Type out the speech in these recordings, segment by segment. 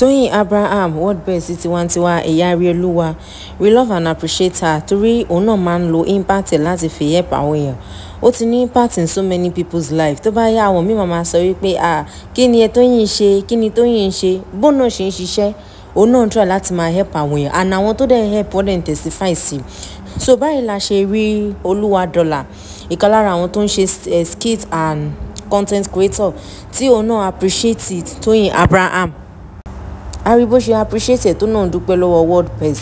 Tóyìn Abraham WordBerry tiwantiwa ẹ̀yà Arẹolúwa we love and appreciate her torí òun náà máa ń lo impact ẹ̀ láti fi help àwọn èèyàn ó ti ní impact in so many people's life tó bá yá àwọn mímọ̀ máa sọ wípé ah kí ni ẹ Tóyìn ṣe kí ni Tóyìn ṣe bóun náà ṣe ń ṣiṣẹ́ òun náà ń try láti máa help àwọn èèyàn and àwọn tó dẹ̀ help wọ́n dẹ̀ ń testify sí so báyìí la ṣe rí olúwa dọ́là ìkan lára àwọn tó ń ṣe eh, skit and content creator tí òun náà appreciate Tóyìn Abraham Aribo, rí bó ṣe appreciate ẹ̀ tó náà dúpẹ́ lọ́wọ́ WordPress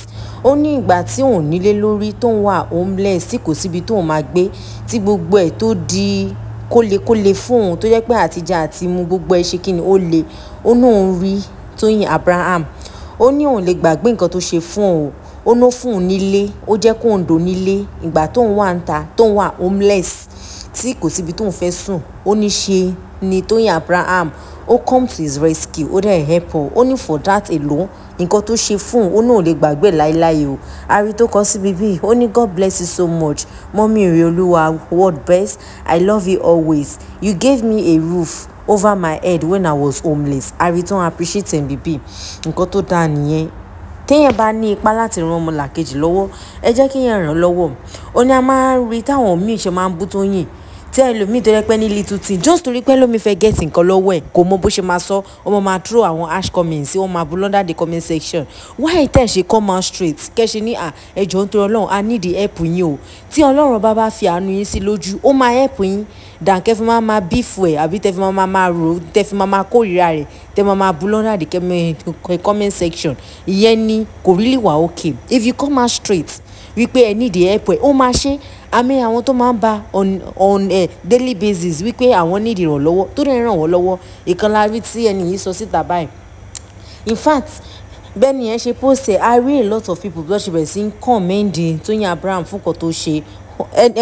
ó ní ìgbà tí òun nílé lórí tóun wà homeless tí kò síbi tóun máa gbé tí gbogbo ẹ̀ tó di kólekóle fún òun tó jẹ́ pé àtijọ́ àti mu gbogbo ẹ̀ ṣe kí ni ó le ó náà ń rí Tóyìn Abraham ó ní òun lè gbàgbé nǹkan tó ṣe fún òun ó ná fún òun nílé ó jẹ́ kó òun dò nílé ìgbà tóun wà ń ta tóun wà homeless tí kò síbi tóun fẹ́ sùn ó ní ṣe ni Tóyìn Abraham ó come to his rescue ó dẹ̀ help ọ ó ní for that alone nǹkan tó ṣe fún un ó náà lè gbàgbé láéláé o ari tó kọ síbi bíi ó ní god bless you so much mọ́mí ìrè olúwa word best i love you always you gave me a roof over my head when i was homeless ari tó appreciate ẹ̀ bíbí nǹkan tó dáa nìyẹn téèyàn bá ní ipá láti ran ọmọlàkejì lọ́wọ́ ẹ jẹ́ kéèyàn ràn án lọ́wọ́ ó ní a máa ń rí táwọn míì ṣe máa ń bú Tóyìn tẹ́ ẹlòmíì tó yẹ pé ní little thing just torí pé lómi fẹ́ get nǹkan lọ́wọ́ ẹ̀ kò mọ bó ṣe máa sọ ọmọ máa throw àwọn ash comments wọ́n máa bull under the comment section why tẹ̀ ṣe come out straight kẹ́ṣe ní à ẹjọ́ nítorí ọlọ́run a need help yín o tí ọlọ́run bá bá fi àánú yín sí lójú ó máa help yín dànkẹ́ fi máa máa bífù ẹ̀ àbí tẹ́ fi máa máa rò tẹ́ fi máa máa kórìíra rẹ̀ tẹ́ máa máa bull under the comment section ìyẹn ni kò really wà okay if you come out straight wípé ẹ need help ẹ̀ ó máa ṣe é àmì àwọn tó máa ń ba on on a daily basis wípé àwọn need ìrànlọ́wọ́ tó dẹ̀ ràn wọ́n lọ́wọ́ ìkànnì àrí tí ẹni yìí sọ síta báyìí in fact bẹ́ẹ̀ni ẹ ṣe post ẹ̀ i read a lot of people bí wọ́n ṣe bẹ̀rẹ̀ sí ń commend Tóyìn Abraham fún nǹkan tó ṣe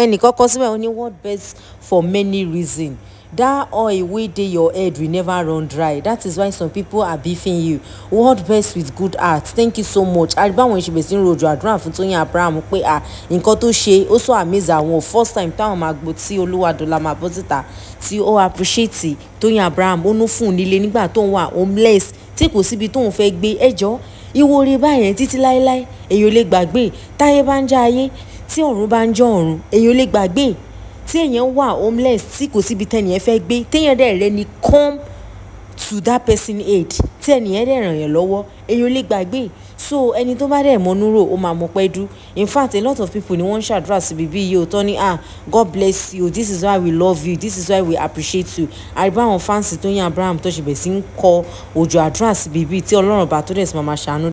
ẹnì kọ́kọ́ síbẹ̀ ó ní world best for many reasons that oil wey dey your head will never run dry that is why some people are beefing you world best with good heart thank you so much àríbáwọn ìṣẹ̀bẹ̀ sí ń rojo àdúrà fún Tóyìn Abraham pé à nǹkan tó ṣe ó sọ amaze àwọn first time táwọn máa gbọ́ tí Olúwadọ̀lá máa bọ́ síta tí ó appreciate Tóyìn Abraham ó nú fún un nílé nígbà tó ń wà homeless tí kò síbi tóun fẹ́ gbé ẹjọ́ ìwúre báyẹn títí láéláé èyí ò lè gbàgbé táyé bá ń já ayé tí ọ̀run bá ń jọ ọ̀run èyí ò lè gbàgbé tí èèyàn wà homeless tí kò síbi tẹ́nìyẹn fẹ́ gbé téèyàn dẹ̀ rẹ ni come to that person aid tí ẹnìyẹn dẹ̀ ràn yàn lọ́wọ́ èèyàn lè gbàgbé so ẹni tó bá dẹ̀ mọnú rò ó máa mọ pẹ́ dú in fact a lot of people ni wọ́n ń ṣàdúrà síbi bí iye òótọ́ ni ah God bless you this is why we love you this is why we appreciate you àrígbá àwọn fáǹsì tó yan Abraham tó ṣe bẹ̀ sí ń kọ òjò àdúrà síbi bí tí Ọlọ́run bá tó dẹ̀ sí máa máa ṣàánú.